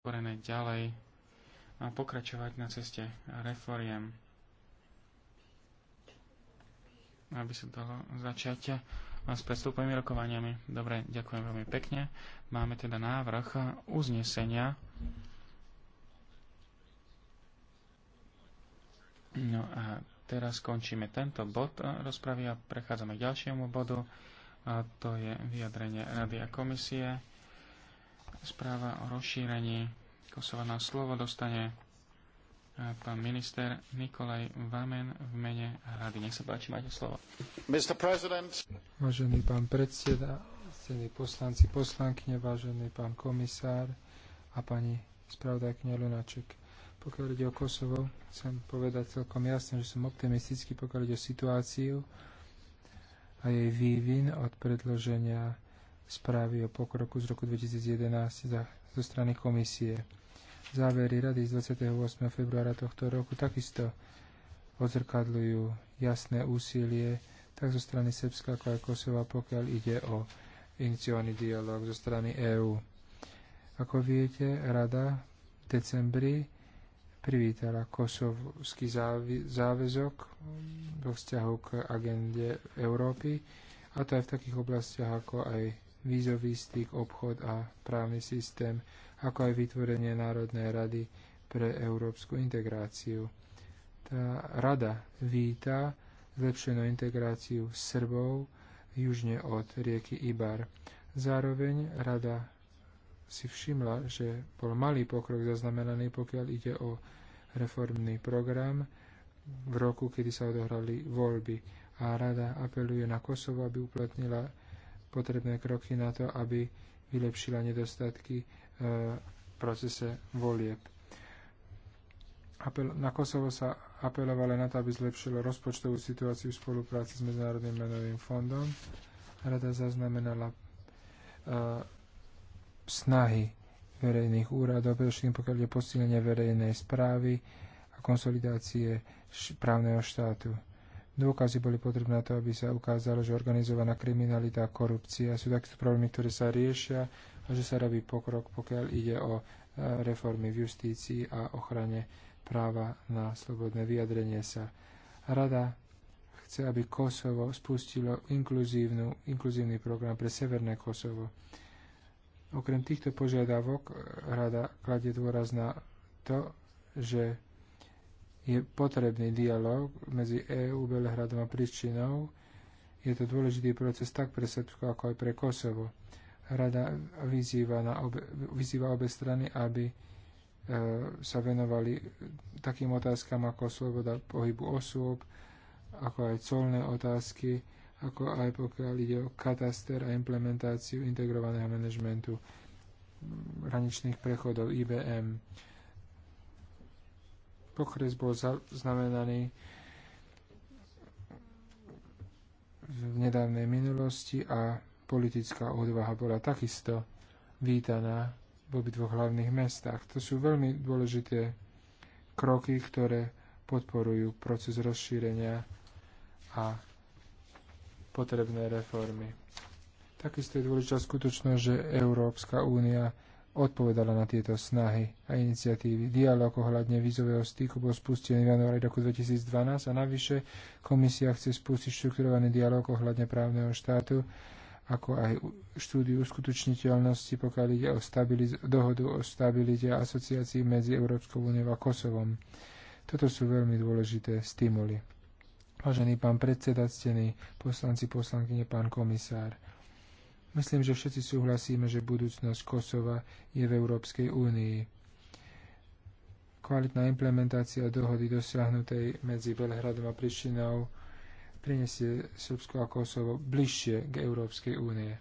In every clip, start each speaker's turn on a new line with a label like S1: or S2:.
S1: otvorené ďalej a pokračovať na ceste reforiem. Aby sa dalo začať s predstupovými rokovaniami. Dobre, ďakujem veľmi pekne. Máme teda návrh uznesenia. No a teraz skončíme tento bod rozpravy a prechádzame k ďalšiemu bodu. A to je vyjadrenie Rady a komisie. Správa o rozšírení Kosova na slovo dostane e, pán minister Nikolaj Vamen v mene rady. Nech sa páči, máte slovo.
S2: Mr. President.
S3: Vážený pán predseda, cení poslanci, poslankyne, vážený pán komisár a pani spravodajkňa Lunaček. Pokiaľ ide o Kosovo, chcem povedať celkom jasne, že som optimistický, pokiaľ ide o situáciu a jej vývin od predloženia správy o pokroku z roku 2011 za, zo strany komisie. Závery rady z 28. februára tohto roku takisto odzrkadľujú jasné úsilie tak zo strany Srbska ako aj Kosova, pokiaľ ide o iniciovaný dialog zo strany EÚ. Ako viete, Rada v decembri privítala kosovský záväzok vo vzťahu k agende Európy, a to aj v takých oblastiach ako aj vízový styk, obchod a právny systém, ako aj vytvorenie Národnej rady pre európsku integráciu. Tá rada víta zlepšenú integráciu Srbov južne od rieky Ibar. Zároveň rada si všimla, že bol malý pokrok zaznamenaný, pokiaľ ide o reformný program v roku, kedy sa odohrali voľby a rada apeluje na Kosovo, aby uplatnila potrebné kroky na to, aby vylepšila nedostatky e, v procese volieb. na Kosovo sa apelovalo na to, aby zlepšilo rozpočtovú situáciu v spolupráci s Medzinárodným menovým fondom. Rada zaznamenala uh, snahy verejných úradov, predovšetkým pokiaľ je posilnenie verejnej správy a konsolidácie právneho štátu. Dôkazy boli potrebné na to, aby sa ukázalo, že organizovaná kriminalita a korupcia sú takéto problémy, ktoré sa riešia a že sa robí pokrok, pokiaľ ide o e, reformy v justícii a ochrane práva na slobodné vyjadrenie sa. Rada chce, aby Kosovo spustilo inkluzívny program pre Severné Kosovo. Okrem týchto požiadavok e, rada kladie dôraz na to, že je potrebný dialog medzi EÚ, Belehradom a Prištinou. Je to dôležitý proces tak pre Srbsko, ako aj pre Kosovo. Rada vyzýva, na obe, vyzýva obe strany, aby e, sa venovali takým otázkam ako sloboda pohybu osôb, ako aj colné otázky, ako aj pokiaľ ide o kataster a implementáciu integrovaného manažmentu hraničných prechodov IBM pokres bol zaznamenaný v nedávnej minulosti a politická odvaha bola takisto vítaná v obidvoch hlavných mestách. To sú veľmi dôležité kroky, ktoré podporujú proces rozšírenia a potrebné reformy. Takisto je dôležitá skutočnosť, že Európska únia odpovedala na tieto snahy a iniciatívy. Dialóg ohľadne vízového styku bol spustený v januári roku 2012 a navyše komisia chce spustiť štrukturovaný dialóg ohľadne právneho štátu, ako aj štúdiu uskutočniteľnosti, pokiaľ ide o stabiliz- dohodu o stabilite a asociácii medzi Európskou úniou a Kosovom. Toto sú veľmi dôležité stimuly. Vážený pán predseda, ctení poslanci, poslankyne, pán komisár. Myslím, že všetci súhlasíme, že budúcnosť Kosova je v Európskej únii kvalitná implementácia dohody dosiahnutej medzi Belhradom a Prištinou prinesie Srbsko a Kosovo bližšie k Európskej únie.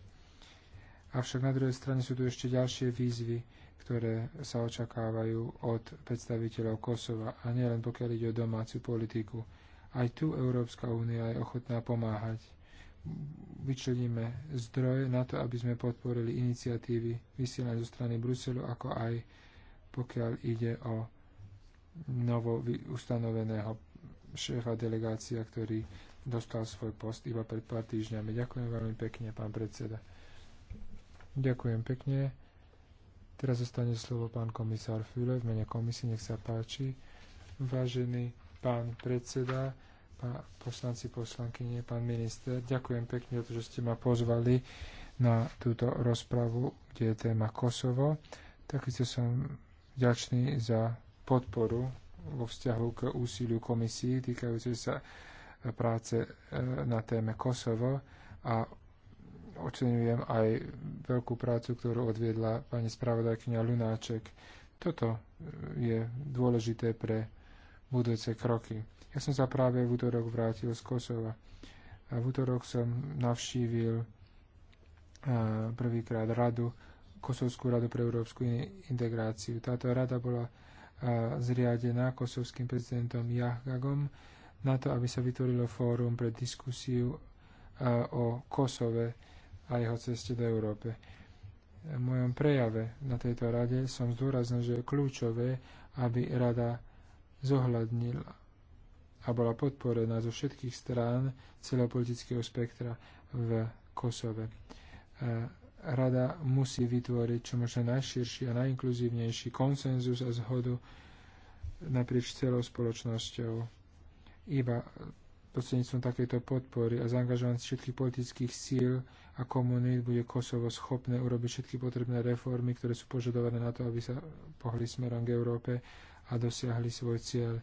S3: Avšak na druhej strane sú tu ešte ďalšie výzvy, ktoré sa očakávajú od predstaviteľov Kosova a nielen pokiaľ ide o domácu politiku. Aj tu Európska únia je ochotná pomáhať vyčleníme zdroje na to, aby sme podporili iniciatívy vysielané zo strany Bruselu, ako aj pokiaľ ide o novo ustanoveného šéfa delegácia, ktorý dostal svoj post iba pred pár týždňami. Ďakujem veľmi pekne, pán predseda. Ďakujem pekne. Teraz zostane slovo pán komisár Füle v mene komisie, nech sa páči. Vážený pán predseda, pán poslanci, poslankyne, pán minister. Ďakujem pekne za to, že ste ma pozvali na túto rozpravu, kde je téma Kosovo. Takisto som vďačný za podporu vo vzťahu k úsiliu komisii týkajúcej sa e, práce e, na téme Kosovo a oceňujem aj veľkú prácu, ktorú odviedla pani spravodajkynia Lunáček. Toto e, je dôležité pre budúce kroky. Ja som sa práve v útorok vrátil z Kosova. A v útorok som navštívil e, prvýkrát radu, Kosovskú radu pre európsku integráciu. Táto rada bola e, zriadená kosovským prezidentom Jahgagom na to, aby sa vytvorilo fórum pre diskusiu e, o Kosove a jeho ceste do Európe. V mojom prejave na tejto rade som zdôraznil, že je kľúčové, aby rada zohľadnila a bola podporená zo všetkých strán celopolitického spektra v Kosove. E, Rada musí vytvoriť čo možno najširší a najinkluzívnejší konsenzus a zhodu naprieč celou spoločnosťou. Iba prostredníctvom takejto podpory a zaangažovanie všetkých politických síl a komunít bude Kosovo schopné urobiť všetky potrebné reformy, ktoré sú požadované na to, aby sa pohli smerom k Európe a dosiahli svoj cieľ.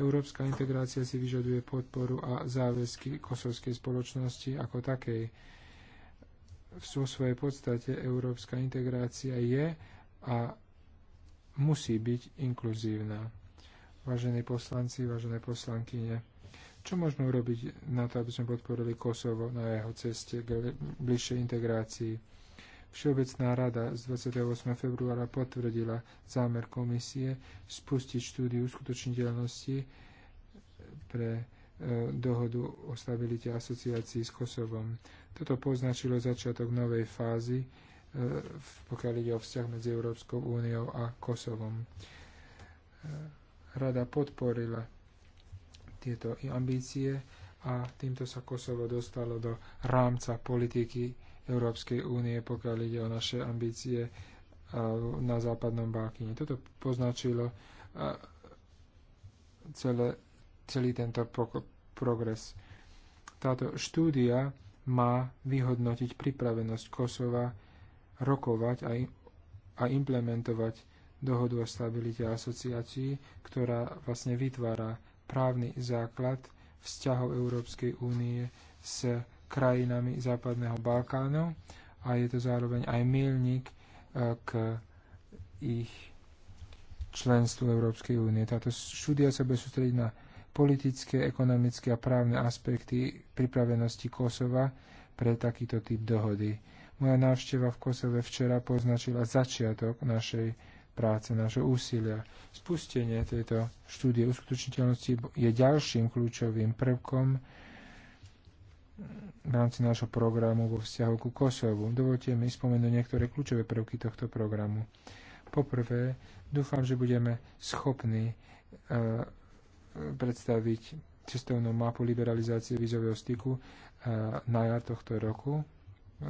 S3: Európska integrácia si vyžaduje podporu a záväzky kosovskej spoločnosti ako takej. V svojej podstate európska integrácia je a musí byť inkluzívna. Vážení poslanci, vážené poslankyne, čo môžeme urobiť na to, aby sme podporili Kosovo na jeho ceste k bližšej integrácii? Všeobecná rada z 28. februára potvrdila zámer komisie spustiť štúdiu skutočniteľnosti pre e, dohodu o stabilite asociácií s Kosovom. Toto poznačilo začiatok novej fázy, e, pokiaľ ide o vzťah medzi Európskou úniou a Kosovom. E, rada podporila tieto ambície a týmto sa Kosovo dostalo do rámca politiky Európskej únie, pokiaľ ide o naše ambície na západnom Balkíne. Toto poznačilo celé, celý tento progres. Táto štúdia má vyhodnotiť pripravenosť Kosova rokovať a, a implementovať dohodu o stabilite a asociácii, ktorá vlastne vytvára právny základ vzťahov Európskej únie s krajinami Západného Balkánu a je to zároveň aj milník e, k ich členstvu Európskej únie. Táto štúdia sa bude sústrediť na politické, ekonomické a právne aspekty pripravenosti Kosova pre takýto typ dohody. Moja návšteva v Kosove včera poznačila začiatok našej práce, našho úsilia. Spustenie tejto štúdie uskutočniteľnosti je ďalším kľúčovým prvkom v rámci nášho programu vo vzťahu ku Kosovu. Dovolte mi spomenúť niektoré kľúčové prvky tohto programu. Poprvé, dúfam, že budeme schopní e, predstaviť cestovnú mapu liberalizácie vízového styku e, na jar tohto roku e,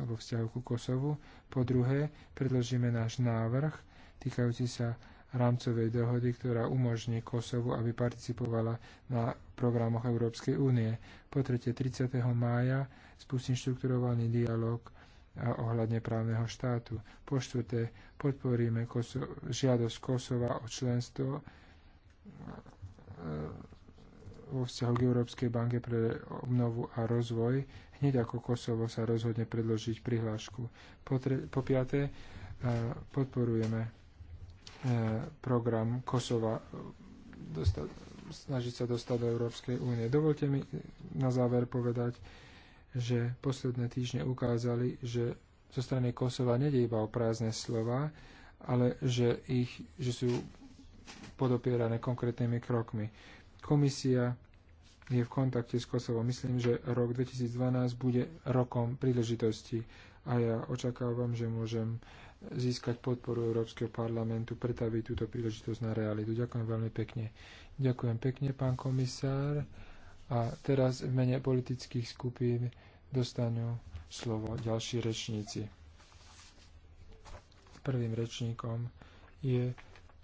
S3: vo vzťahu ku Kosovu. Po druhé, predložíme náš návrh týkajúci sa rámcovej dohody, ktorá umožní Kosovu, aby participovala na programoch Európskej únie. Po tretie, 30. mája spustí štrukturovaný dialog ohľadne právneho štátu. Po štvrté, podporíme Koso- žiadosť Kosova o členstvo vo vzťahu k Európskej banke pre obnovu a rozvoj, hneď ako Kosovo sa rozhodne predložiť prihlášku. Po, tre- po piaté, podporujeme Eh, program Kosova eh, dostať, snažiť sa dostať do Európskej únie. Dovolte mi eh, na záver povedať, že posledné týždne ukázali, že zo strany Kosova nede iba o prázdne slova, ale že, ich, že sú podopierané konkrétnymi krokmi. Komisia je v kontakte s Kosovom. Myslím, že rok 2012 bude rokom príležitosti a ja očakávam, že môžem získať podporu Európskeho parlamentu, pretaviť túto príležitosť na realitu. Ďakujem veľmi pekne. Ďakujem pekne, pán komisár. A teraz v mene politických skupín dostanú slovo ďalší rečníci. Prvým rečníkom je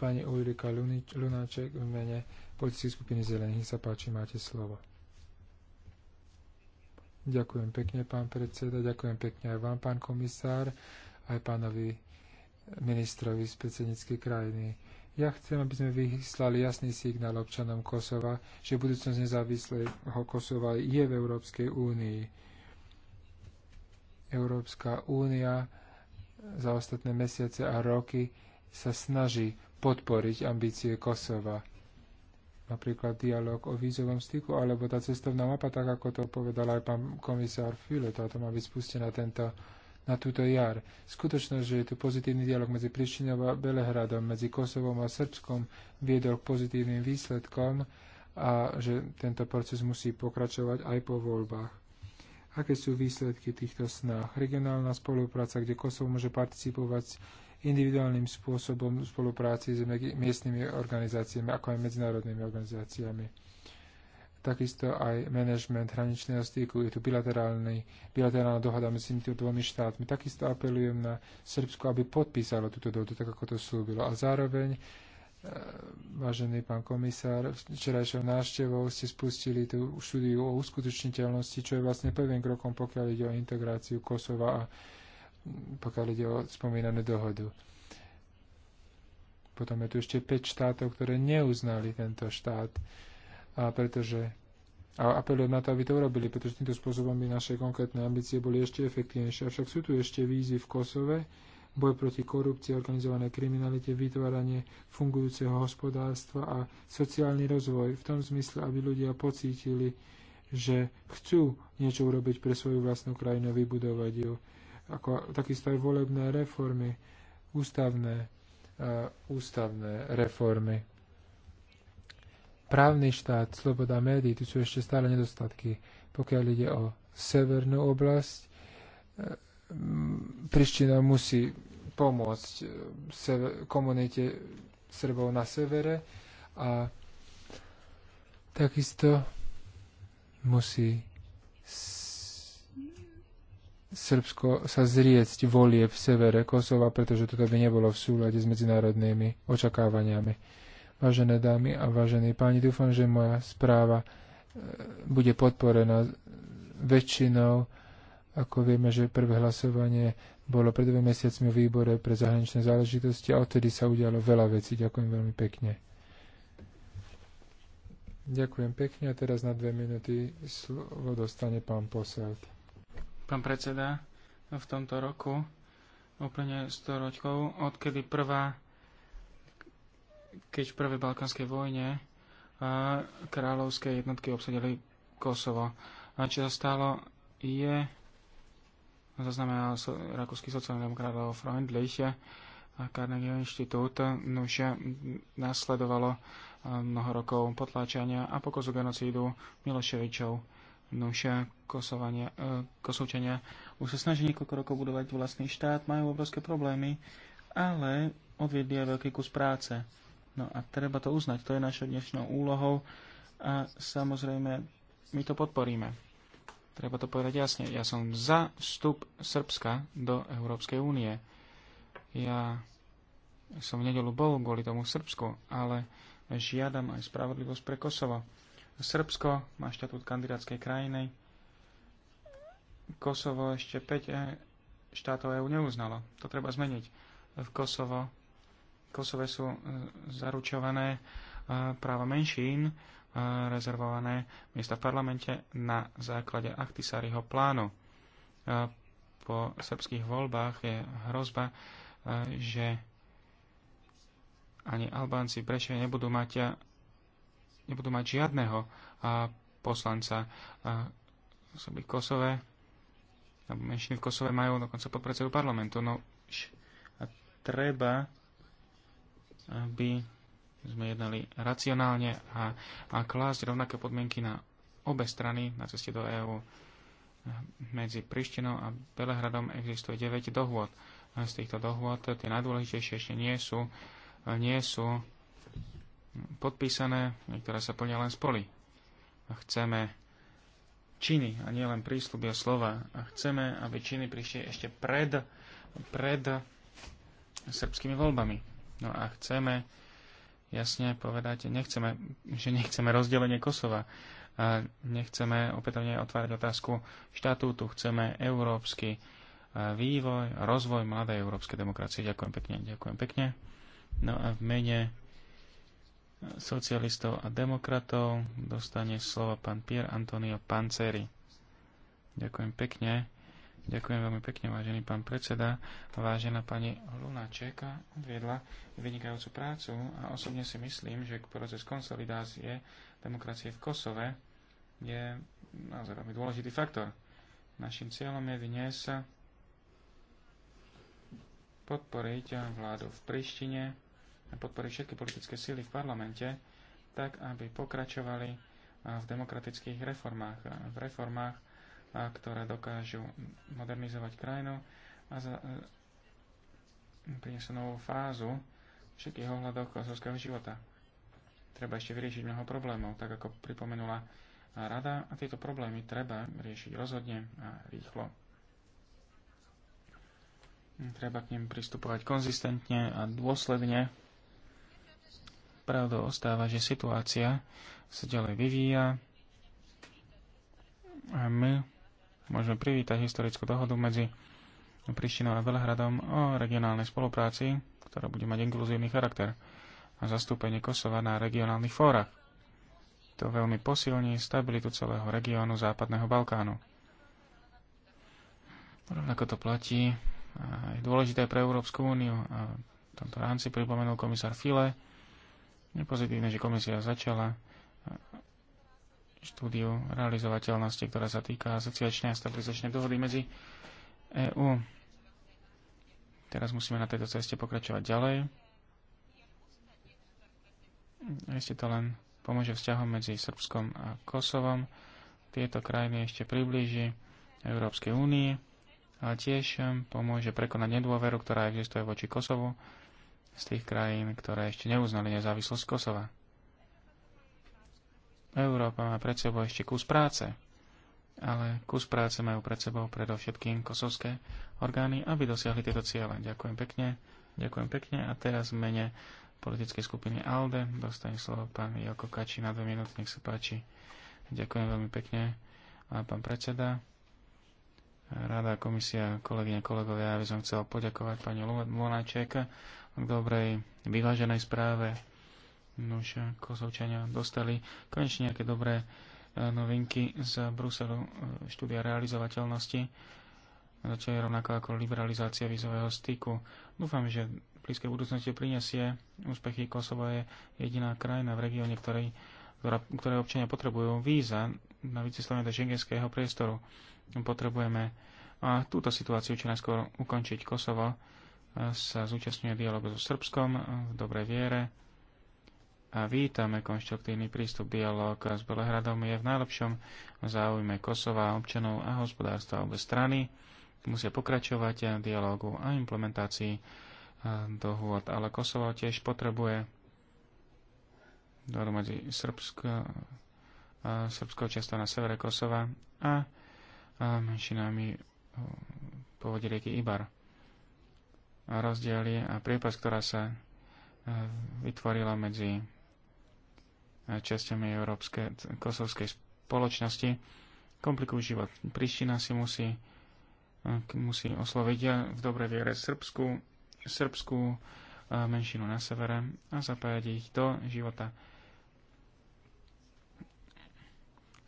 S3: pani Ulrika Lunáček v mene politických skupiny Zelených. Sa páči, máte slovo. Ďakujem pekne, pán predseda, ďakujem pekne aj vám, pán komisár, aj pánovi ministrovi z predsedníckej krajiny. Ja chcem, aby sme vyslali jasný signál občanom Kosova, že budúcnosť nezávislého Kosova je v Európskej únii. Európska únia za ostatné mesiace a roky sa snaží podporiť ambície Kosova. Napríklad dialog o vízovom styku, alebo tá cestovná mapa, tak ako to povedal aj pán komisár File, táto má byť spustená tento na túto jar. Skutočnosť, že je tu pozitívny dialog medzi Prištinou a Belehradom, medzi Kosovom a Srbskom viedol k pozitívnym výsledkom a že tento proces musí pokračovať aj po voľbách. Aké sú výsledky týchto snách? Regionálna spolupráca, kde Kosovo môže participovať individuálnym spôsobom v spolupráci s miestnymi organizáciami, ako aj medzinárodnými organizáciami takisto aj manažment hraničného styku. Je tu bilaterálna dohoda medzi tými dvomi štátmi. Takisto apelujem na Srbsko, aby podpísalo túto dohodu, tak ako to slúbilo. A zároveň, eh, vážený pán komisár, včerajšou návštevou ste spustili tú štúdiu o uskutočniteľnosti, čo je vlastne prvým krokom, pokiaľ ide o integráciu Kosova a pokiaľ ide o spomínanú dohodu. Potom je tu ešte 5 štátov, ktoré neuznali tento štát a pretože a apelujem na to, aby to urobili, pretože týmto spôsobom by naše konkrétne ambície boli ešte efektívnejšie. Avšak sú tu ešte výzvy v Kosove, boj proti korupcii, organizované kriminalite, vytváranie fungujúceho hospodárstva a sociálny rozvoj v tom zmysle, aby ľudia pocítili, že chcú niečo urobiť pre svoju vlastnú krajinu a vybudovať ju. Ako, takisto aj volebné reformy, ústavné, uh, ústavné reformy právny štát, sloboda médií, tu sú ešte stále nedostatky. Pokiaľ ide o severnú oblasť, eh, Priština musí pomôcť eh, komunite Srbov na severe a takisto musí Srbsko sa zriecť volie v severe Kosova, pretože toto by nebolo v súlade s medzinárodnými očakávaniami. Vážené dámy a vážení páni, dúfam, že moja správa e, bude podporená väčšinou. Ako vieme, že prvé hlasovanie bolo pred dvomi mesiacmi v výbore pre zahraničné záležitosti a odtedy sa udialo veľa vecí. Ďakujem veľmi pekne. Ďakujem pekne a teraz na dve minúty slovo dostane pán Poselt.
S1: Pán predseda, v tomto roku úplne 100 rokov, odkedy prvá keď v prvej balkánskej vojne kráľovské jednotky obsadili Kosovo. A čo sa stalo je, zaznamenal so, rakúsky sociálny demokratov Freundlich a Carnegie Inštitút, nože nasledovalo mnoho rokov potláčania a pokozu genocídu Miloševičov. Nuša, no, kosovania, e, kosovčania už sa snaží niekoľko rokov budovať vlastný štát, majú obrovské problémy, ale odviedli aj veľký kus práce. No a treba to uznať, to je našou dnešnou úlohou a samozrejme my to podporíme. Treba to povedať jasne. Ja som za vstup Srbska do Európskej únie. Ja som v nedelu bol kvôli tomu Srbsku, ale žiadam aj spravodlivosť pre Kosovo. Srbsko má štatút kandidátskej krajiny. Kosovo ešte 5 e, štátov EU neuznalo. To treba zmeniť. V Kosovo Kosove sú e, zaručované e, práva menšín, e, rezervované miesta v parlamente na základe Achtisáriho plánu. Po srbských voľbách je hrozba, že ani Albánci v nebudú mať, nebudú mať žiadneho poslanca osoby v Kosove, alebo menšiny v Kosove majú dokonca podpredsedu parlamentu. No, treba aby sme jednali racionálne a, a klásť rovnaké podmienky na obe strany na ceste do EÚ. Medzi Prištinou a Belehradom existuje 9 dohôd. Z týchto dohôd tie najdôležitejšie ešte nie sú, nie sú podpísané, niektoré sa plnia len spoli. Chceme činy a nielen prísľuby a slova. A chceme, aby činy prišli ešte pred, pred srbskými voľbami. No a chceme jasne povedať, nechceme, že nechceme rozdelenie Kosova. A nechceme opätovne otvárať otázku štatútu. Chceme európsky e, vývoj, rozvoj mladej európskej demokracie. Ďakujem pekne, ďakujem pekne. No a v mene socialistov a demokratov dostane slovo pán Pier Antonio Panceri. Ďakujem pekne. Ďakujem veľmi pekne, vážený pán predseda. Vážená pani Lunáček viedla vynikajúcu prácu a osobne si myslím, že proces konsolidácie demokracie v Kosove je naozaj veľmi dôležitý faktor. Našim cieľom je dnes podporiť vládu v Prištine a podporiť všetky politické síly v parlamente, tak aby pokračovali v demokratických reformách, v reformách, a ktoré dokážu modernizovať krajinu a za, e, priniesú novú fázu všetkých ohľadov kosovského života. Treba ešte vyriešiť mnoho problémov, tak ako pripomenula rada, a tieto problémy treba riešiť rozhodne a rýchlo. Treba k nim pristupovať konzistentne a dôsledne. Pravdou ostáva, že situácia sa ďalej vyvíja a my môžeme privítať historickú dohodu medzi Prištinou a Belehradom o regionálnej spolupráci, ktorá bude mať inkluzívny charakter a zastúpenie Kosova na regionálnych fórach. To veľmi posilní stabilitu celého regiónu Západného Balkánu. Rovnako to platí a je dôležité pre Európsku úniu a v tomto rámci pripomenul komisár File. Je pozitívne, že komisia začala štúdiu realizovateľnosti, ktorá sa týka asociačnej a stabilizačnej dohody medzi EÚ. Teraz musíme na tejto ceste pokračovať ďalej. Ešte to len pomôže vzťahom medzi Srbskom a Kosovom. Tieto krajiny ešte priblíži Európskej únii, ale tiež pomôže prekonať nedôveru, ktorá existuje voči Kosovu z tých krajín, ktoré ešte neuznali nezávislosť Kosova. Európa má pred sebou ešte kus práce, ale kus práce majú pred sebou predovšetkým kosovské orgány, aby dosiahli tieto ciele. Ďakujem pekne. Ďakujem pekne. A teraz v mene politickej skupiny ALDE dostane slovo pán Joko Kači na dve minúty. Nech sa páči. Ďakujem veľmi pekne. A pán predseda, rada, komisia, kolegyne, kolegovia, ja by som chcel poďakovať pani Lunáček k dobrej, vyváženej správe Nož Kozovčania dostali konečne nejaké dobré e, novinky z Bruselu e, štúdia realizovateľnosti, čo je rovnako ako liberalizácia vízového styku. Dúfam, že v blízkej budúcnosti prinesie úspechy. Kosovo je jediná krajina v regióne, ktorej, ktorá, ktoré občania potrebujú víza na vycestovanie do šengenského priestoru. Potrebujeme a túto situáciu čo najskôr ukončiť. Kosovo e, sa zúčastňuje dialogu so Srbskom v dobrej viere a vítame konštruktívny prístup. dialog s Belehradom je v najlepšom záujme Kosova, občanov a hospodárstva obe strany. Musia pokračovať dialogu a implementácii e, dohôd, ale Kosovo tiež potrebuje dohodu medzi Srbsko, e, srbskou časťou na severe Kosova a menšinami e, povodí rieky Ibar. Rozdiely a priepas, ktorá sa vytvorila medzi časťami európskej kosovskej spoločnosti komplikujú život. Príština si musí, eh, musí osloviť eh, v dobrej viere srbskú, srbskú eh, menšinu na severe a zapájať ich do života.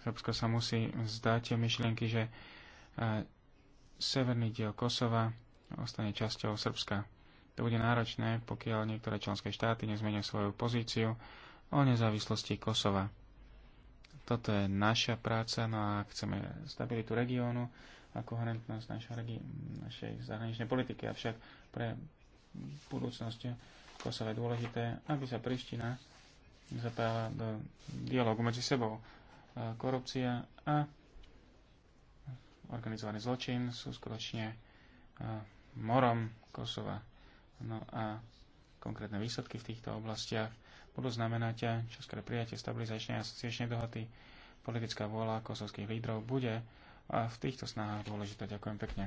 S1: Srbsko sa musí vzdať myšlienky, že severný diel Kosova ostane časťou Srbska. To bude náročné, pokiaľ niektoré členské štáty nezmenia svoju pozíciu o nezávislosti Kosova. Toto je naša práca, no a chceme stabilitu regiónu a koherentnosť našej, regi- našej zahraničnej politiky. Avšak pre budúcnosť Kosova je dôležité, aby sa Priština zapájala do dialogu medzi sebou. Korupcia a organizovaný zločin sú skutočne morom Kosova. No a konkrétne výsledky v týchto oblastiach budú znamenať eh, čoskore prijatie stabilizačnej a asociačnej dohody. Politická vôľa kosovských lídrov bude a eh, v týchto snahách dôležité. Ďakujem pekne.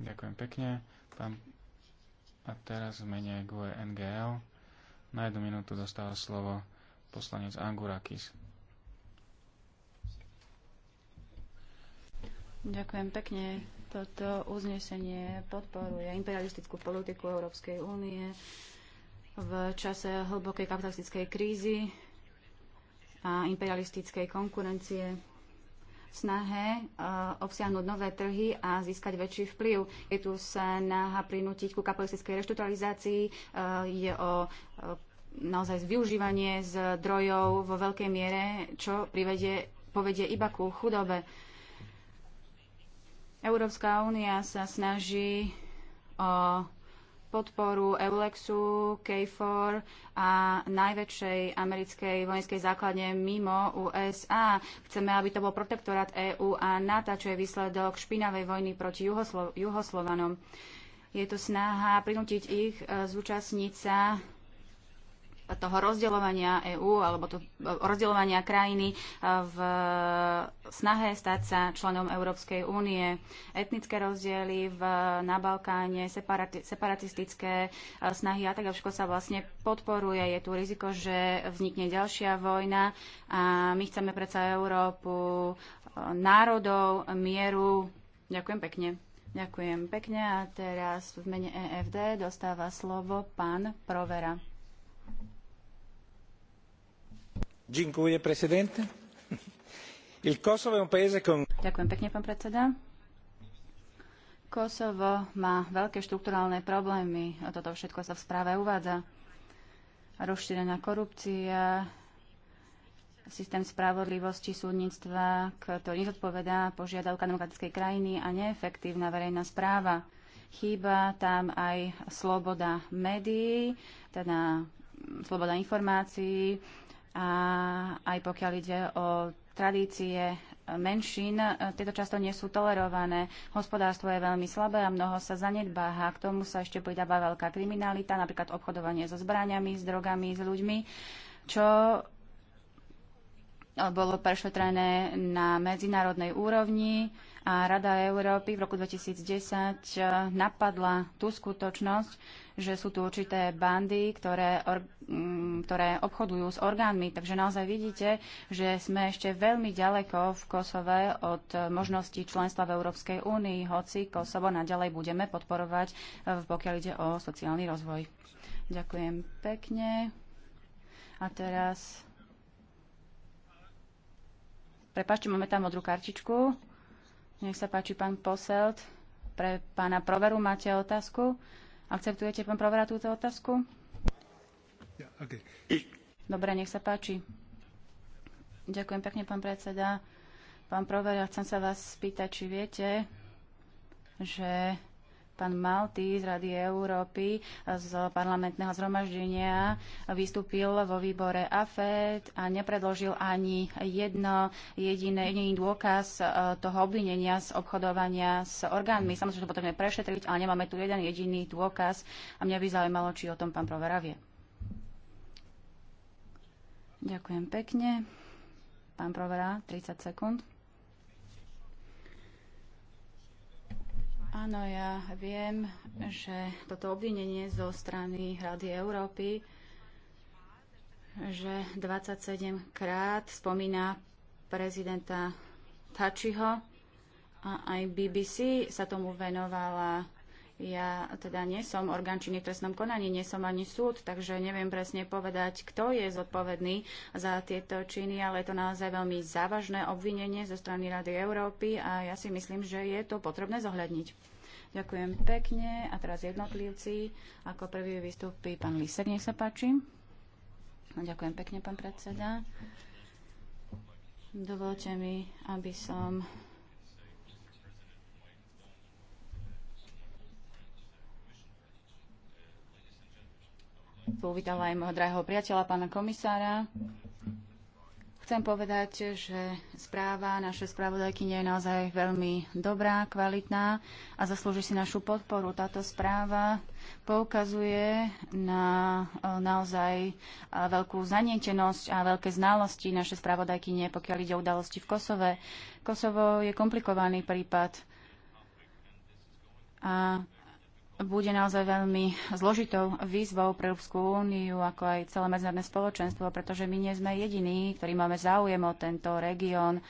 S1: Ďakujem pekne. Pán... A teraz v mene GUE NGL na jednu minútu dostáva slovo poslanec Angurakis.
S4: Ďakujem pekne. Toto uznesenie podporuje imperialistickú politiku Európskej únie v čase hlbokej kapitalistickej krízy a imperialistickej konkurencie snahe e, obsiahnuť nové trhy a získať väčší vplyv. Je tu snaha prinútiť ku kapitalistickej reštrukturalizácii, e, je o e, naozaj využívanie zdrojov vo veľkej miere, čo privedie, povedie iba ku chudobe. Európska únia sa snaží o podporu Eulexu, K4 a najväčšej americkej vojenskej základne mimo USA. Chceme, aby to bol protektorát EÚ a NATO, čo je výsledok špinavej vojny proti Juhoslo- Juhoslovanom. Je to snaha prinútiť ich e, zúčastniť sa toho rozdeľovania EÚ alebo to, rozdeľovania krajiny e, v snahe stať sa členom Európskej únie. Etnické rozdiely v, na Balkáne, separati, separatistické e, snahy a tak všetko sa vlastne podporuje. Je tu riziko, že vznikne ďalšia vojna a my chceme predsa Európu e, národov, mieru. Ďakujem pekne. Ďakujem pekne a teraz v mene EFD dostáva slovo pán Provera. Ďakujem pekne, pán predseda. Kosovo má veľké štrukturálne problémy. A toto všetko sa v správe uvádza. Rozšírená korupcia, systém spravodlivosti súdnictva, ktorý nezodpovedá požiadavka demokratickej krajiny a neefektívna verejná správa. Chýba tam aj sloboda médií, teda sloboda informácií, a aj pokiaľ ide o tradície menšín, e, tieto často nie sú tolerované. Hospodárstvo je veľmi slabé a mnoho sa zanedbáha. K tomu sa ešte pridáva veľká kriminalita, napríklad obchodovanie so zbraniami, s drogami, s ľuďmi, čo e, bolo prešetrené na medzinárodnej úrovni a Rada Európy v roku 2010 eh, napadla tú skutočnosť, že sú tu určité bandy, ktoré, or, mm, ktoré obchodujú s orgánmi. Takže naozaj vidíte, že sme ešte veľmi ďaleko v Kosove od možnosti členstva v Európskej únii, hoci Kosovo naďalej budeme podporovať, eh, pokiaľ ide o sociálny rozvoj. Ďakujem pekne. A teraz... Prepašte, máme tam modrú kartičku. Nech sa páči, pán Poselt. Pre pána Proveru máte otázku. Akceptujete, pán Provera, túto otázku? Yeah, okay. Dobre, nech sa páči. Ďakujem pekne, pán predseda. Pán Prover, ja chcem sa vás spýtať, či viete, že Pán Malty z Rady Európy z parlamentného zhromaždenia vystúpil vo výbore AFED a nepredložil ani jedno jediné, jediný dôkaz e, toho obvinenia z obchodovania s orgánmi. Samozrejme, že potrebujeme prešetriť, ale nemáme tu jeden jediný dôkaz a mňa by zaujímalo, či o tom pán Provera vie. Ďakujem pekne. Pán Provera, 30 sekúnd. Áno, ja viem, že toto obvinenie zo strany Rady Európy, že 27 krát spomína prezidenta Tačiho a aj BBC sa tomu venovala ja teda nie som orgán činný v trestnom konaní, nie som ani súd, takže neviem presne povedať, kto je zodpovedný za tieto činy, ale je to naozaj veľmi závažné obvinenie zo strany Rady Európy a ja si myslím, že je to potrebné zohľadniť. Ďakujem pekne a teraz jednotlivci. Ako prvý vystúpi pán Lisek, nech sa páči. No, ďakujem pekne, pán predseda. Dovolte mi, aby som Uvítala aj môjho drahého priateľa, pána komisára. Chcem povedať, že správa naše spravodajkyne je naozaj veľmi dobrá, kvalitná a zaslúži si našu podporu. Táto správa poukazuje na e, naozaj e, veľkú zanietenosť a veľké znalosti naše spravodajkyne, pokiaľ ide o udalosti v Kosove. Kosovo je komplikovaný prípad a bude naozaj veľmi zložitou výzvou pre Európsku úniu, ako aj celé medzinárodné spoločenstvo, pretože my nie sme jediní, ktorí máme záujem o tento región,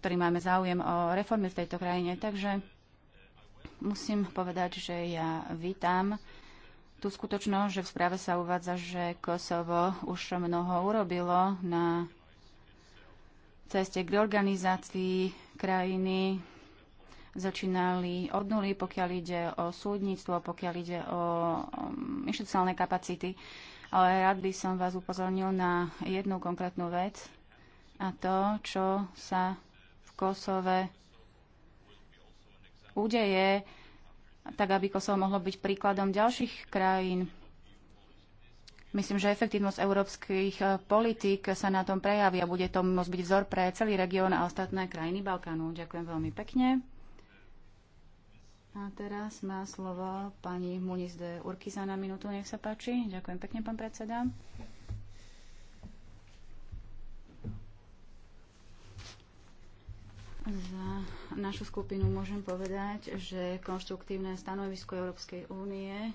S4: ktorý máme záujem o reformy v tejto krajine. Takže musím povedať, že ja vítam tú skutočnosť, že v správe sa uvádza, že Kosovo už mnoho urobilo na ceste k reorganizácii krajiny, začínali od nuly, pokiaľ ide o súdnictvo, pokiaľ ide o um, inštitucionálne kapacity. Ale rád by som vás upozornil na jednu konkrétnu vec a to, čo sa v Kosove udeje, tak aby Kosovo mohlo byť príkladom ďalších krajín. Myslím, že efektívnosť európskych eh, politík sa na tom prejaví a bude to môcť byť vzor pre celý región a ostatné krajiny Balkánu. Ďakujem veľmi pekne. A teraz má slovo pani Muniz de Urkiza na minútu, nech sa páči. Ďakujem pekne, pán predseda. Za našu skupinu môžem povedať, že konštruktívne stanovisko Európskej únie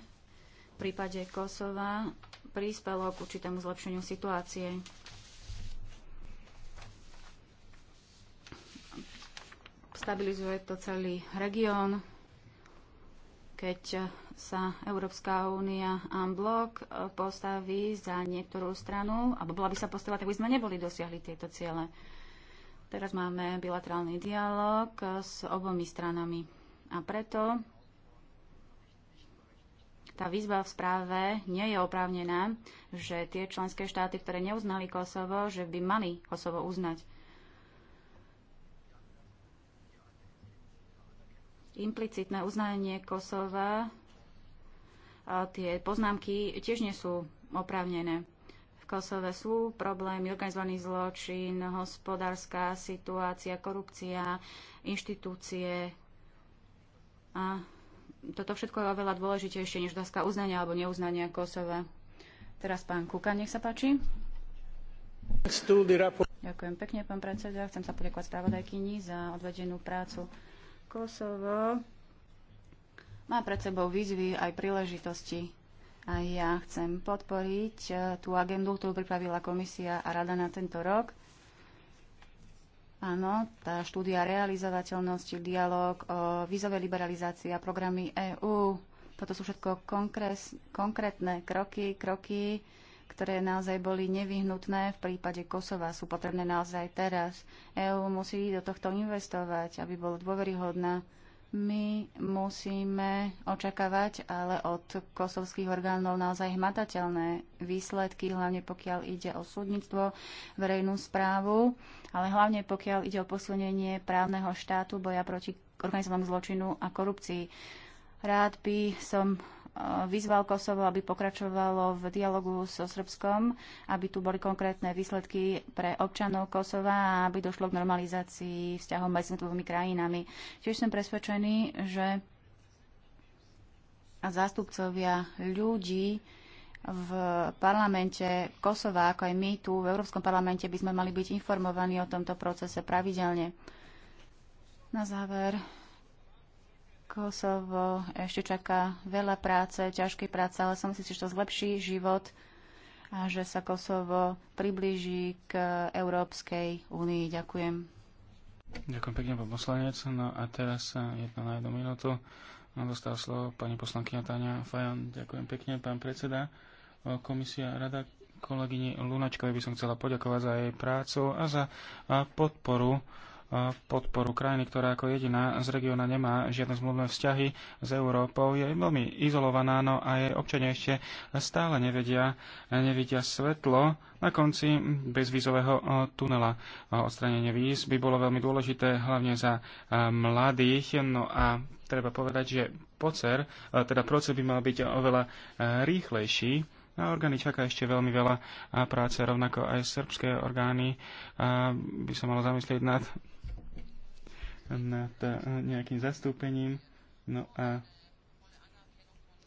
S4: v prípade Kosova prispelo k určitému zlepšeniu situácie. Stabilizuje to celý región, keď sa Európska únia blok e, postaví za niektorú stranu, alebo bola by sa postavila, tak by sme neboli dosiahli tieto ciele. Teraz máme bilaterálny dialog e, s obomi stranami. A preto tá výzva v správe nie je oprávnená, že tie členské štáty, ktoré neuznali Kosovo, že by mali Kosovo uznať. implicitné uznanie Kosova, tie poznámky tiež nie sú oprávnené. V Kosove sú problémy, organizovaný zločin, hospodárska situácia, korupcia, inštitúcie a toto všetko je oveľa dôležitejšie než dáska uznania alebo neuznania Kosova. Teraz pán Kuka, nech sa páči. Ďakujem pekne, pán predseda. Chcem sa poďakovať spravodajkyni za odvedenú prácu. Kosovo má pred sebou výzvy aj príležitosti. A ja chcem podporiť e, tú agendu, ktorú pripravila komisia a rada na tento rok. Áno, tá štúdia realizovateľnosti, dialog o vízovej liberalizácii a programy EÚ. Toto sú všetko konkrétne kroky, kroky, ktoré naozaj boli nevyhnutné v prípade Kosova, sú potrebné naozaj teraz. EÚ musí do tohto investovať, aby bolo dôveryhodná. My musíme očakávať ale od kosovských orgánov naozaj hmatateľné výsledky, hlavne pokiaľ ide o súdnictvo, verejnú správu, ale hlavne pokiaľ ide o posunenie právneho štátu, boja proti organizovanému zločinu a korupcii. Rád by som vyzval Kosovo, aby pokračovalo v dialogu so Srbskom, aby tu boli konkrétne výsledky pre občanov Kosova a aby došlo k normalizácii vzťahov medzi dvomi krajinami. Tiež som presvedčený, že zástupcovia ľudí v parlamente Kosova, ako aj my tu v Európskom parlamente, by sme mali byť informovaní o tomto procese pravidelne. Na záver Kosovo ešte čaká veľa práce, ťažkej práce, ale som si, že to zlepší život a že sa Kosovo priblíži k Európskej únii. Ďakujem.
S1: Ďakujem pekne, pán poslanec. No a teraz sa jedna na jednu minútu no, dostal slovo pani poslankyňa Tania Fajan. Ďakujem pekne, pán predseda. Komisia rada kolegyni Lunačkovej by som chcela poďakovať za jej prácu a za podporu podporu krajiny, ktorá ako jediná z regióna nemá žiadne zmluvné vzťahy s Európou, je veľmi izolovaná, no a jej občania ešte stále nevedia, nevidia svetlo na konci bezvízového tunela. Odstranenie víz by bolo veľmi dôležité, hlavne za mladých, no a treba povedať, že pocer, teda proces by mal byť oveľa rýchlejší, a orgány čaká ešte veľmi veľa práce, rovnako aj srbské orgány by sa malo zamyslieť nad nad eh, nejakým zastúpením. No a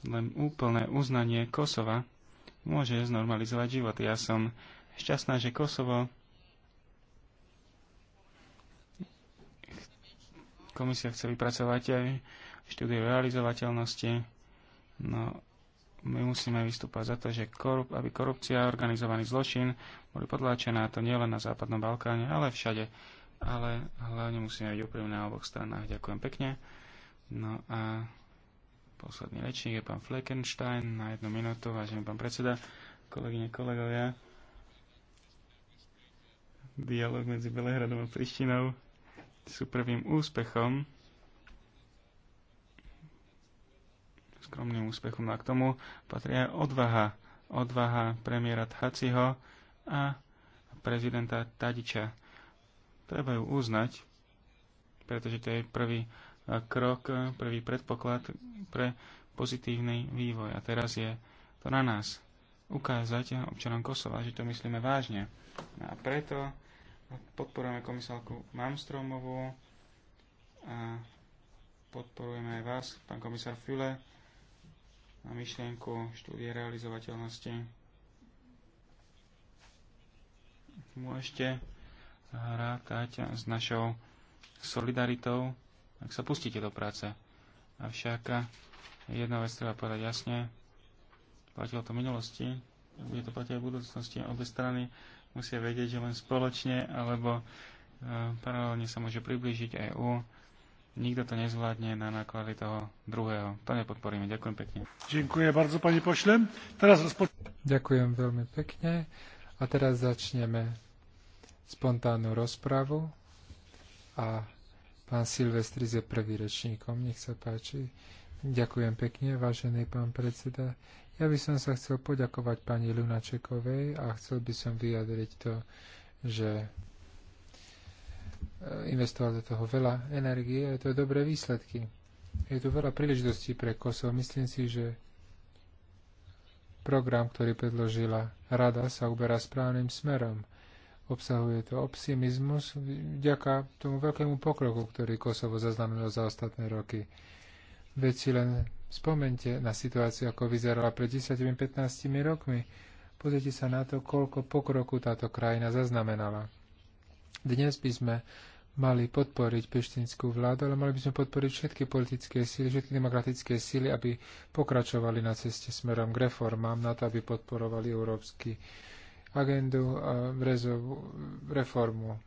S1: len úplné uznanie Kosova môže znormalizovať život. Ja som šťastná, že Kosovo komisia chce vypracovať aj štúdiu realizovateľnosti. No, my musíme vystúpať za to, že korup- aby korupcia a organizovaný zločin boli podláčené, a to nielen na Západnom Balkáne, ale všade ale hlavne musíme byť úprimní na oboch stranách. Ďakujem pekne. No a posledný rečník je pán Fleckenstein na jednu minútu, vážený pán predseda, kolegyne, kolegovia. Dialóg medzi Belehradom a Prištinou sú prvým úspechom skromným úspechom. A k tomu patrí aj odvaha. Odvaha premiéra Thaciho a prezidenta Tadiča. Treba ju uznať, pretože to je prvý e, krok, e, prvý predpoklad pre pozitívny vývoj. A teraz je to na nás ukázať občanom Kosova, že to myslíme vážne. No a preto podporujeme komisárku Mamstromovú a podporujeme aj vás, pán komisár Füle, na myšlienku štúdie realizovateľnosti. Môžete rátať s našou solidaritou, ak sa pustíte do práce. Avšak jedna vec treba povedať jasne, platilo to v minulosti, bude to platiť aj v budúcnosti. Obe strany musia vedieť, že len spoločne alebo e, paralelne sa môže priblížiť EU. Nikto to nezvládne na náklady toho druhého. To nepodporíme. Ďakujem pekne.
S3: Ďakujem bardzo, pani pošlem. Teraz rozpo... Ďakujem veľmi pekne. A teraz začneme spontánnu rozpravu a pán Silvestri je prvý rečníkom. Nech sa páči. Ďakujem pekne, vážený pán predseda. Ja by som sa chcel poďakovať pani Lunačekovej a chcel by som vyjadriť to, že e, investoval do toho veľa energie a to je dobré výsledky. Je tu veľa príležitostí pre Kosovo. Myslím si, že program, ktorý predložila Rada, sa uberá správnym smerom obsahuje to optimizmus vďaka tomu veľkému pokroku, ktorý Kosovo zaznamenalo za ostatné roky. Veď si len spomente na situáciu, ako vyzerala pred 10-15 rokmi. Pozrite sa na to, koľko pokroku táto krajina zaznamenala. Dnes by sme mali podporiť peštinskú vládu, ale mali by sme podporiť všetky politické síly, všetky demokratické síly, aby pokračovali na ceste smerom k reformám, na to, aby podporovali európsky agendu a rezov, reformu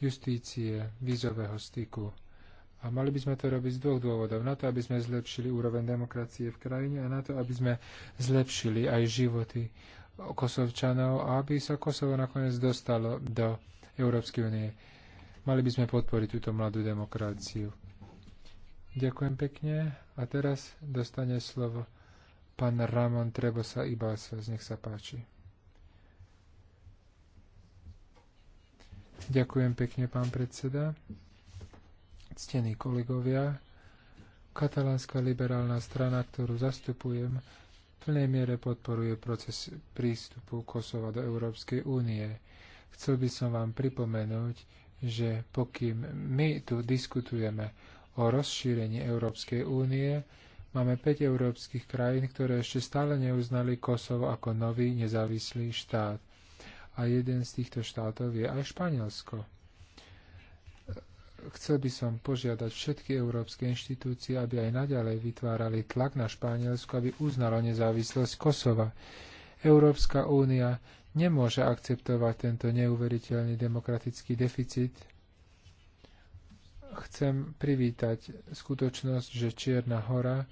S3: justície, vízového styku. A mali by sme to robiť z dvoch dôvodov. Na to, aby sme zlepšili úroveň demokracie v krajine a na to, aby sme zlepšili aj životy kosovčanov a aby sa Kosovo nakoniec dostalo do Európskej únie. Mali by sme podporiť túto mladú demokraciu. Ďakujem pekne. A teraz dostane slovo pán Ramon Trebosa Ibasa. Nech sa páči. Ďakujem pekne, pán predseda. Ctení kolegovia, katalánska liberálna strana, ktorú zastupujem, v plnej miere podporuje proces prístupu Kosova do Európskej únie. Chcel by som vám pripomenúť, že pokým my tu diskutujeme o rozšírení Európskej únie, máme 5 európskych krajín, ktoré ešte stále neuznali Kosovo ako nový nezávislý štát – a jeden z týchto štátov je aj Španielsko. Chcel by som požiadať všetky európske inštitúcie, aby aj naďalej vytvárali tlak na Španielsko, aby uznalo nezávislosť Kosova. Európska únia nemôže akceptovať tento neuveriteľný demokratický deficit chcem privítať skutočnosť, že Čierna hora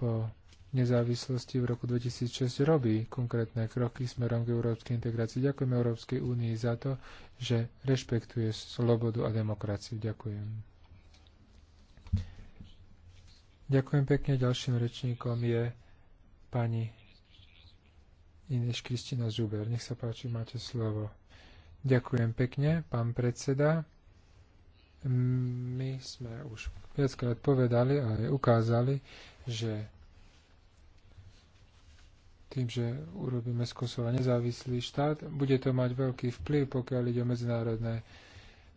S3: po nezávislosti v roku 2006 robí konkrétne kroky smerom k európskej integrácii. Ďakujem Európskej únii za to, že rešpektuje slobodu a demokraciu. Ďakujem. Ďakujem pekne. Ďalším rečníkom je pani Ineš Kristina Zuber. Nech sa páči, máte slovo. Ďakujem pekne, pán predseda. My sme už viackrát povedali a aj ukázali, že tým, že urobíme z Kosova nezávislý štát, bude to mať veľký vplyv, pokiaľ ide o medzinárodné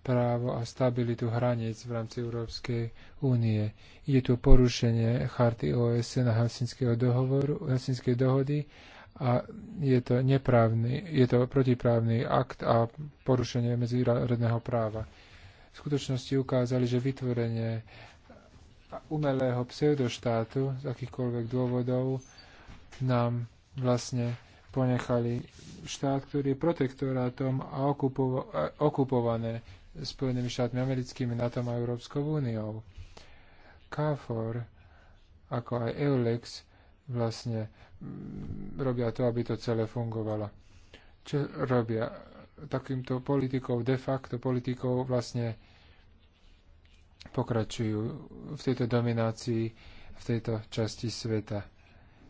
S3: právo a stabilitu hraníc v rámci Európskej únie. Ide tu porušenie charty OSN a Helsinského dohovoru, Helsinskej dohody a je to neprávny, je to protiprávny akt a porušenie medzinárodného práva. V skutočnosti ukázali, že vytvorenie umelého pseudoštátu z akýchkoľvek dôvodov nám vlastne ponechali štát, ktorý je protektorátom a okupovo- okupované Spojenými štátmi americkými, NATO a Európskou úniou. KFOR, ako aj EULEX, vlastne mm, robia to, aby to celé fungovalo. Čo robia? Takýmto politikou, de facto politikou vlastne pokračujú v tejto dominácii v tejto časti sveta.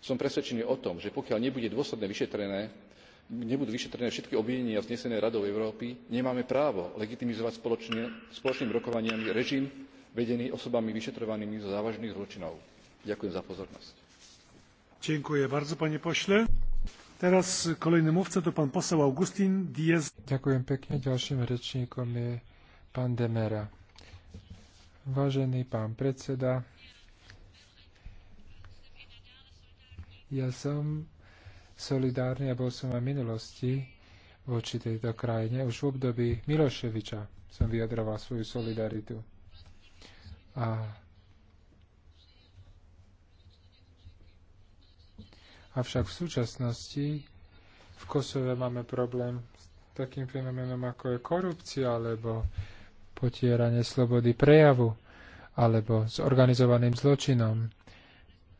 S2: som presvedčený o tom že pokiaľ nebudú vyšetrené všetky obvinenia vznesené radou európy nemáme právo legitimizovať spoločnými rokovaniami režim vedený osobami vyšetrovanými zo závažných zločinov. ďakujem za pozornosť.
S3: Ďakujem pekne. Ďalším rečníkom je pán Demera. Vážený pán predseda, Ja som solidárny a bol som aj v minulosti voči tejto krajine. Už v období Miloševiča som vyjadroval svoju solidaritu. A Avšak v súčasnosti v Kosove máme problém s takým fenoménom, ako je korupcia, alebo potieranie slobody prejavu, alebo s organizovaným zločinom.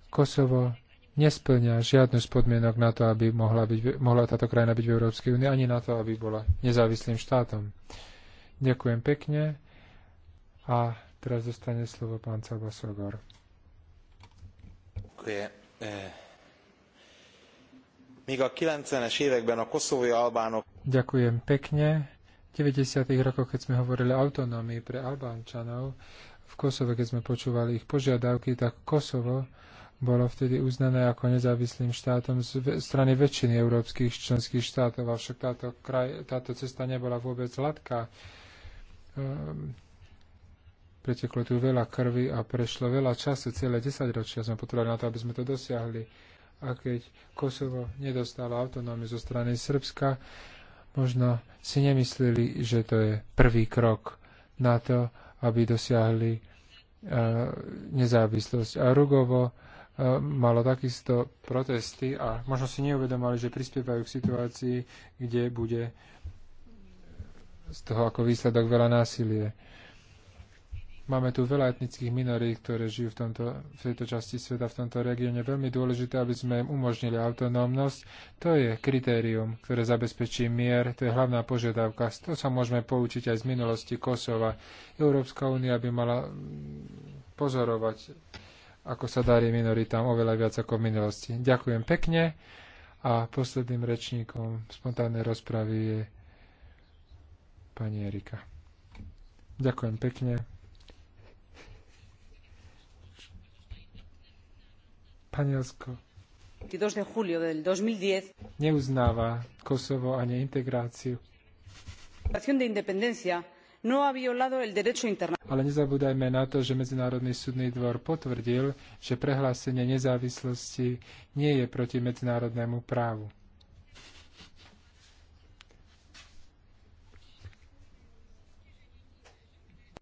S3: Kosovo nesplňa žiadnu z podmienok na to, aby mohla, byť, mohla táto krajina byť v Európskej únii, ani na to, aby bola nezávislým štátom. Ďakujem pekne a teraz dostane slovo pán Cabasogor. Ďakujem. E, míg a 90-es években a koszovói albánok... Ďakujem pekne. V 90. rokoch, keď sme hovorili o autonómii pre Albánčanov, v Kosove, keď sme počúvali ich požiadavky, tak Kosovo bolo vtedy uznané ako nezávislým štátom z strany väčšiny európskych členských štátov, avšak táto, kraj, táto cesta nebola vôbec hladká. Um, ehm, preteklo tu veľa krvi a prešlo veľa času, celé desaťročia sme potrebovali na to, aby sme to dosiahli. A keď Kosovo nedostalo autonómiu zo strany Srbska, možno si nemysleli, že to je prvý krok na to, aby dosiahli uh, nezávislosť. A Rugovo E, malo takisto protesty a možno si neuvedomali, že prispievajú k situácii, kde bude z toho ako výsledok veľa násilie. Máme tu veľa etnických minorí, ktoré žijú v, tomto, v tejto časti sveta, v tomto regióne. Veľmi dôležité, aby sme im umožnili autonómnosť. To je kritérium, ktoré zabezpečí mier. To je hlavná požiadavka. Z toho sa môžeme poučiť aj z minulosti Kosova. Európska únia by mala pozorovať ako sa darí minoritám oveľa viac ako v minulosti. Ďakujem pekne a posledným rečníkom spontánnej rozpravy je pani Erika. Ďakujem pekne. Panielsko. Neuznáva Kosovo ani integráciu.
S4: de independencia no ha violado el derecho internacional.
S3: Ale nezabúdajme na to, že Medzinárodný súdny dvor potvrdil, že prehlásenie nezávislosti nie je proti medzinárodnému právu.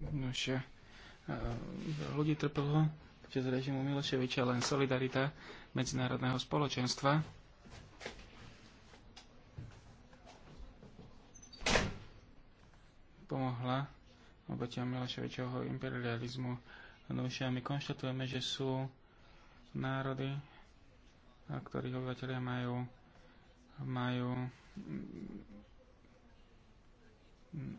S1: Nože, e, ľudí trpelo, že z režimu Miloševiča len solidarita medzinárodného spoločenstva pomohla obetiam Miloševičovho imperializmu. No už my konštatujeme, že sú národy, ktorých obyvateľia majú, majú mm,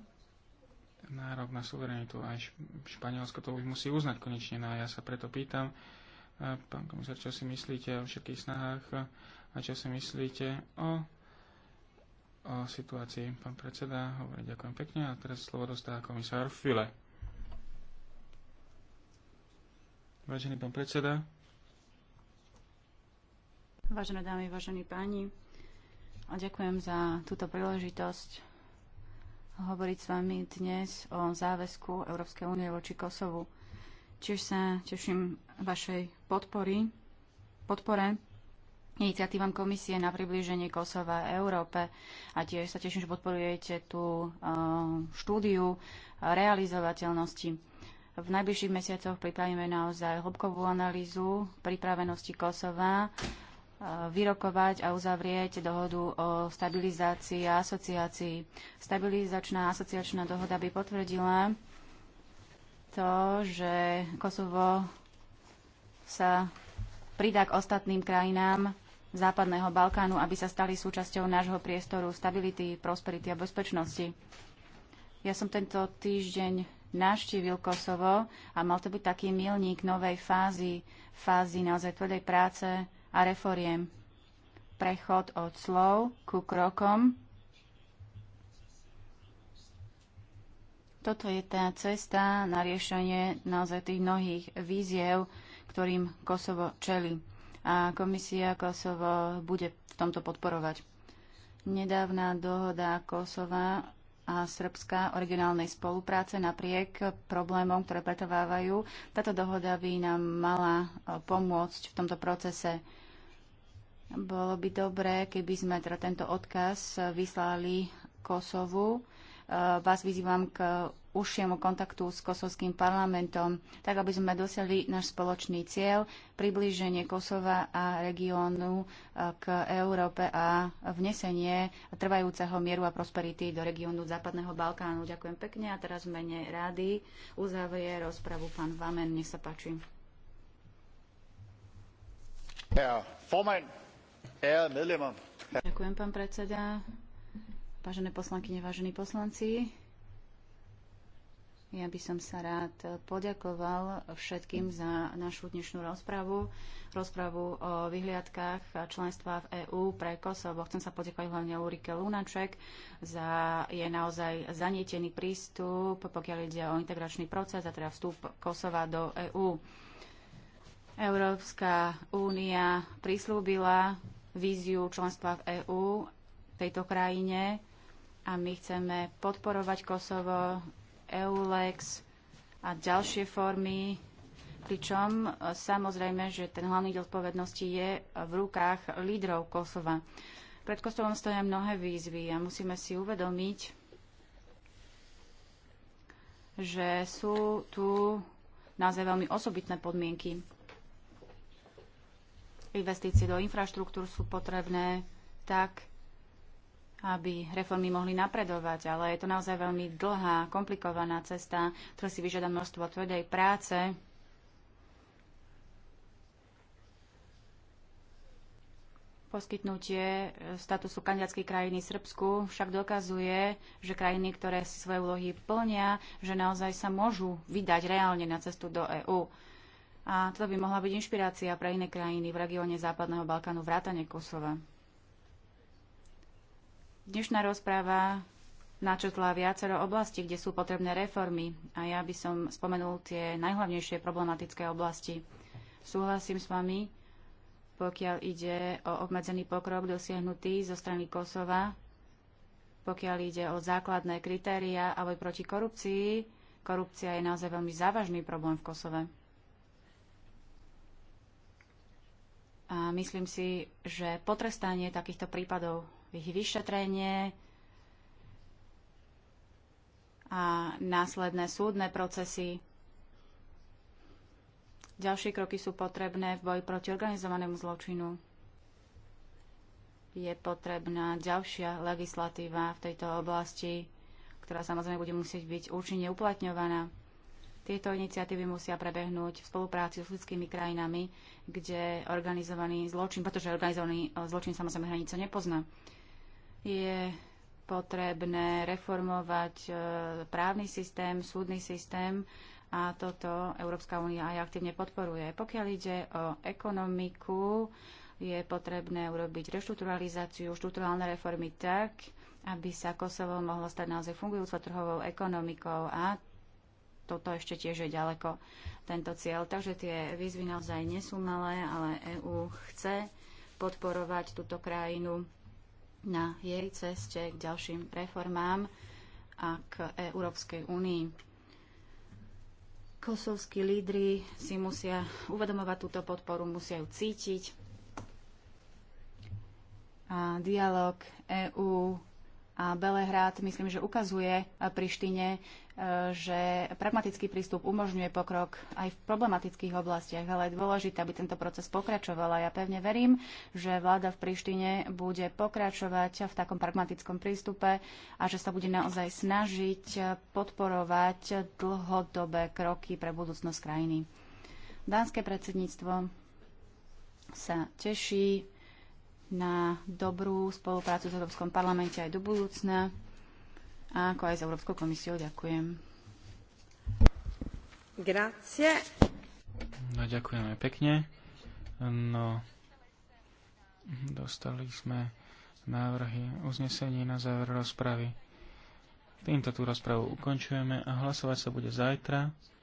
S1: nárok na suverenitu. Aj Španielsko to už musí uznať konečne. No a ja sa preto pýtam, pán komisár, čo si myslíte o všetkých snahách a čo si myslíte o o situácii. Pán predseda, hovorí ďakujem pekne a teraz slovo dostáva komisár File. Vážený pán predseda.
S4: Vážené dámy, vážení páni, a ďakujem za túto príležitosť hovoriť s vami dnes o záväzku Európskej únie voči Kosovu. Čiže sa teším vašej podpory, podpore iniciatívam komisie na priblíženie Kosova a Európe a tiež sa teším, že podporujete tú eh, štúdiu realizovateľnosti. V najbližších mesiacoch pripravíme naozaj hĺbkovú analýzu pripravenosti Kosova eh, vyrokovať a uzavrieť dohodu o stabilizácii a asociácii. Stabilizačná a asociačná dohoda by potvrdila to, že Kosovo sa pridá k ostatným krajinám Západného Balkánu, aby sa stali súčasťou nášho priestoru stability, prosperity a bezpečnosti. Ja som tento týždeň navštívil Kosovo a mal to byť taký milník novej fázy, fázy naozaj tvrdej práce a reforiem. Prechod od slov ku krokom. Toto je tá cesta na riešenie naozaj tých mnohých víziev, ktorým Kosovo čeli a komisia Kosovo bude v tomto podporovať. Nedávna dohoda Kosova a Srbska o regionálnej spolupráce napriek problémom, ktoré pretrvávajú. Táto dohoda by nám mala e, pomôcť v tomto procese. Bolo by dobré, keby sme teda tento odkaz e, vyslali Kosovu Eh, vás vyzývam k užšiemu kontaktu s kosovským parlamentom, tak aby sme dosiahli náš spoločný cieľ, priblíženie Kosova a regiónu eh, k Európe a vnesenie trvajúceho mieru a prosperity do regiónu Západného Balkánu. Ďakujem pekne a teraz v mene rády uzavrie rozpravu pán Vamen. Nech sa páči. Ďakujem, pán predseda. Vážené poslankyne, vážení poslanci, ja by som sa rád poďakoval všetkým za našu dnešnú rozpravu, rozpravu o vyhliadkách členstva v EÚ pre Kosovo. Chcem sa poďakovať hlavne Ulrike Lunaček za je naozaj zanietený prístup, pokiaľ ide o integračný proces a teda vstup Kosova do EÚ. Európska únia prislúbila víziu členstva v EÚ tejto krajine a my chceme podporovať Kosovo, EULEX a ďalšie formy, pričom e, samozrejme, že ten hlavný diel odpovednosti je v rukách lídrov Kosova. Pred Kosovom stoja mnohé výzvy a musíme si uvedomiť, že sú tu naozaj veľmi osobitné podmienky. Investície do infraštruktúr sú potrebné tak, aby reformy mohli napredovať, ale je to naozaj veľmi dlhá, komplikovaná cesta, ktorá si vyžiada množstvo tvrdej práce. Poskytnutie e, statusu kandidátskej krajiny Srbsku však dokazuje, že krajiny, ktoré si svoje úlohy plnia, že naozaj sa môžu vydať reálne na cestu do EÚ. A to by mohla byť inšpirácia pre iné krajiny v regióne Západného Balkánu vrátane Kosova. Dnešná rozpráva načetla viacero oblasti, kde sú potrebné reformy a ja by som spomenul tie najhlavnejšie problematické oblasti. Súhlasím s vami, pokiaľ ide o obmedzený pokrok dosiahnutý zo strany Kosova, pokiaľ ide o základné kritéria a boj proti korupcii. Korupcia je naozaj veľmi závažný problém v Kosove. A myslím si, že potrestanie takýchto prípadov ich vyšetrenie a následné súdne procesy. Ďalšie kroky sú potrebné v boji proti organizovanému zločinu. Je potrebná ďalšia legislatíva v tejto oblasti, ktorá samozrejme bude musieť byť účinne uplatňovaná. Tieto iniciatívy musia prebehnúť v spolupráci s ľudskými krajinami, kde organizovaný zločin, pretože organizovaný e, zločin samozrejme hranice nepozná. Je potrebné reformovať e, právny systém, súdny systém a toto Európska únia aj aktívne podporuje. Pokiaľ ide o ekonomiku, je potrebné urobiť reštrukturalizáciu, štruktúrálne reformy tak, aby sa Kosovo mohlo stať naozaj fungujúcou trhovou ekonomikou a toto ešte tiež je ďaleko, tento cieľ. Takže tie výzvy naozaj nie sú malé, ale EÚ chce podporovať túto krajinu na jej ceste k ďalším reformám a k Európskej únii kosovskí lídry si musia uvedomovať túto podporu, musia ju cítiť. A dialog EÚ a Belehrad myslím, že ukazuje Prištine, že pragmatický prístup umožňuje pokrok aj v problematických oblastiach, ale je dôležité, aby tento proces pokračoval a ja pevne verím, že vláda v Prištine bude pokračovať v takom pragmatickom prístupe a že sa bude naozaj snažiť podporovať dlhodobé kroky pre budúcnosť krajiny. Dánske predsedníctvo sa teší na dobrú spoluprácu s Európskom parlamente aj do budúcna a ako aj s Európskou komisiou. Ďakujem. Grazie.
S1: No, ďakujeme pekne. No, dostali sme návrhy uznesení na záver rozpravy. Týmto tú rozpravu ukončujeme a hlasovať sa bude zajtra.